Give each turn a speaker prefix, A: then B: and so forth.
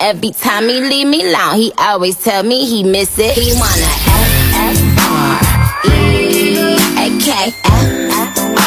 A: every time he leave me alone. He always tell me he miss it. He wanna
B: F F R E
A: A K F F R.